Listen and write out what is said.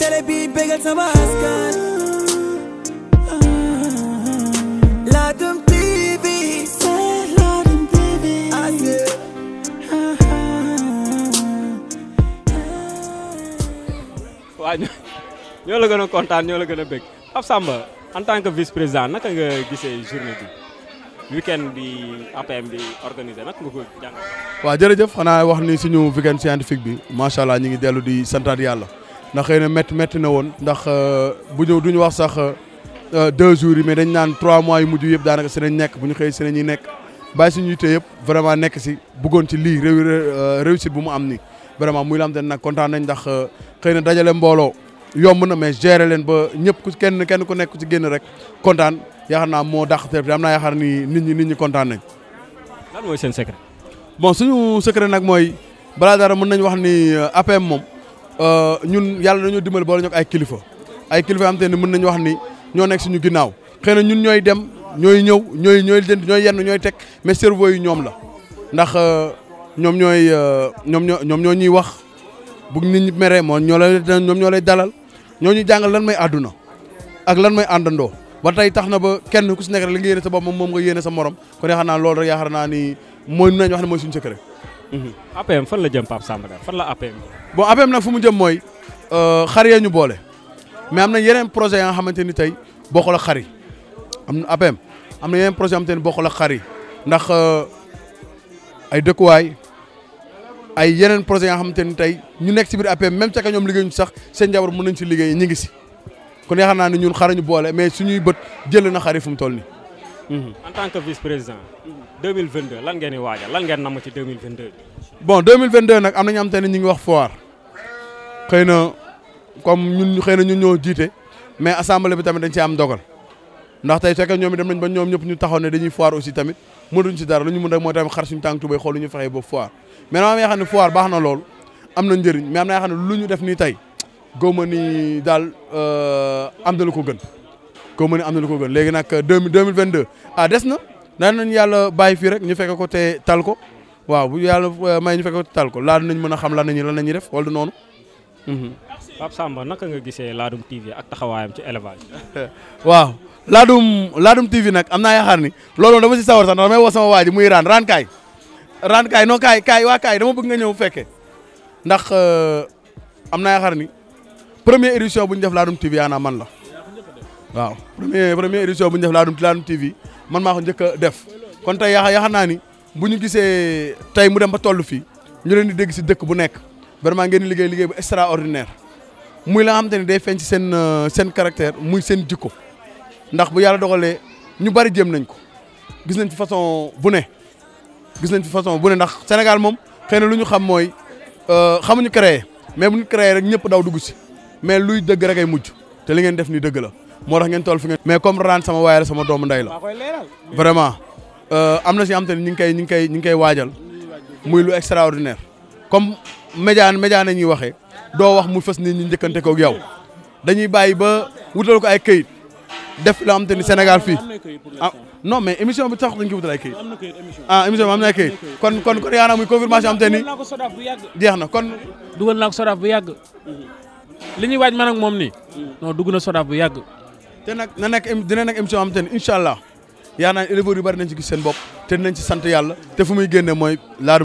télé bi bégal sama askan Ladoum TV c'est Ladoum TV waaw ñoo la gën a kontaan ñoo la gën a bëgg Pape Samba en tant que vice-président naka nga gisee journée bi weekend bi APM bi organisé nag nga ko jàng. waaw jërëjëf xanaa wax ni suñu weekend scientifique bi macha allah ñu ngi dellu di santaat yàlla. ndax xëy na métti métti na woon ndax euh, bu ñëw du ñu wax sax euh, euh, deux jours yi mais dañ naan trois mois yu mujj yëpp daanaka si nañ nekk bu ñu xëy si nañuy nekk bàyyi suñu yëpp vraiment nekk si bëggoon ci lii réussite bu mu am ni vraiment muy la te nag kontaan nañ ndax dajale mbooloo yomb na mais gérer leen ba ñëpp ku kenn kenn ku nekk ci génn rek kontaan yaakaar naa moo dax te am naa yaakaar ni nit ñi nit ñi kontaan nañ. lan mooy seen bon suñu secret nag mooy balaa dara mën nañ wax ni APM moom. Euh, ñun yàlla dañoo dimbali boole ñu ak ay kilifa ay kilifa am te ne mën nañu wax ni ñoo nekk suñu ginnaaw xëy na ñun ñooy dem ñooy ñëw ñooy ñooy jënd ñooy yenn ñooy teg mais cerveau yi ñoom la ndax euh, ñoom ñooy euh, ñoom ñoo ñoom ñoo ñuy wax bu nit ñi meree moo ñoo lay ñoom ñoo lay dalal ñoo ñuy jàngal lan may àdduna ak lan may àndandoo ba tey tax na ba kenn ku si nekk rek li nga yéene sa bopp moom moom nga yéene sa morom kon yaakaar naa loolu rek yaakaar naa ni mooy nañ wax ne mooy suñu secret APM mm-hmm. fan la jëm Pape Samba fan la APM. bon APM nag fu mu jëm mooy euh, xar yee ñu boole mais am na yeneen projet yoo xamante ni tey bokkul ak xar yi am na APM am na yeneen projet yoo xamante ni bokkul ak xar ndax euh, ay dëkkuwaay ay yeneen projet yoo xamante ni tey ñu nekk si biir APM même ca ñoom liggéeyuñu sax seen njaboot mën nañ si liggéey ñu ngi si kon yaakaar naa ne ñun xar ñu boole mais suñuy bët jël na xari yi fu mu toll nii. Mm-hmm. en tant que vice président. 2022 lan ngeen di waajal lan ngeen namm ci 2022 bi. bon 2022 nag am na ñu am te ne ñu ngi wax foire xëy na comme ñun xëy na ñu ñoo jiite mais assemblée bi tamit dañ ci am dogal ndax tey fekkee ñoom dem nañ ba ñoom ñëpp ñu taxaw ne dañuy foire aussi tamit mënuñ ci dara lu ñu mën rek mooy tamit xar suñu tànk tubay xool lu ñu fexee ba foire mais nag am na yoo xam ne foire baax na lool am na njëriñ mais am na yoo xam lu ñu def nii tey góob ma ni daal euh, am na ko gën. koo mën am na lu ko gën léegi nag euh, deux mille vingt deux ah des na naan nañu yàlla bàyyi fii rek ñu fekk ko te tal ko waaw bu yàlla euh, may ñu fekk ko te tal ko laata nañ mën a xam lan nañu lan nañu def wala noonu. Mhm. Pape Samba naka nga gisee Ladoum TV ak taxawaayam ci élevage. waaw Ladoum Ladoum TV nag am naa yaakaar ni loolu dama si sawar sax ndax damay woo sama waa ji muy raan raan kaay raan kaay non kaay kaay waa kaay dama bëgg nga ñëw fekkee ndax euh, am naa yaakaar ni première édition bu ñu def Ladoum TV yaanaa man la. waaw premier première bu ñu laa Laadum Laadum TV man maa ko njëkk a def kon tey yaa yaakaar naa ni bu ñu gisee tey mu dem ba toll fii ñu leen di dégg si dëkk bu nekk vraiment ngeen liggéey liggéey bu extraordinaire muy la nga xamante ni day feeñ si seen euh, seen caractère muy seen jikko ndax bu yàlla dogalee ñu bari jéem nañ ko gis nañ fi façon bu ne gis nañ fi façon bu ne ndax Sénégal moom xëy lu ñu xam mooy euh, xamuñu créer mais bu ñu créer rek ñëpp daw dugg si mais luy dëgg rek ay mujj te li ngeen def ni dëgg la. moo tax ngeen toll fi ngeen. mais comme ran sama waay la sama doomu ndey la vraiment euh, am na si am te ñi ñu ngi koy ñu ngi koy ñu koy waajal muy lu extraordinaire comme média média na ñuy waxee doo wax mu fës ni ñi njëkkante koog yow dañuy bàyyi ba wutal ko ay kayit def loo xam te ni Sénégal fii ah non mais émission bi tax dañ ko wutal ay këyit ah émission bi am na ay këyit kon kon kon yaa naa muy am te ni jeex na kon. dugal naa ko Sodaaf bu yàgg mhm. li ñuy waaj man ak moom nii. Mhm. non dugg na Sodaaf bu yàgg. te nag na nekk dina nekk émission am te ne incha allah yaa naan éleveurs yu bari nañ ci gis seen bopp te dinañ ci sant yàlla te fu muy génne mooy laadu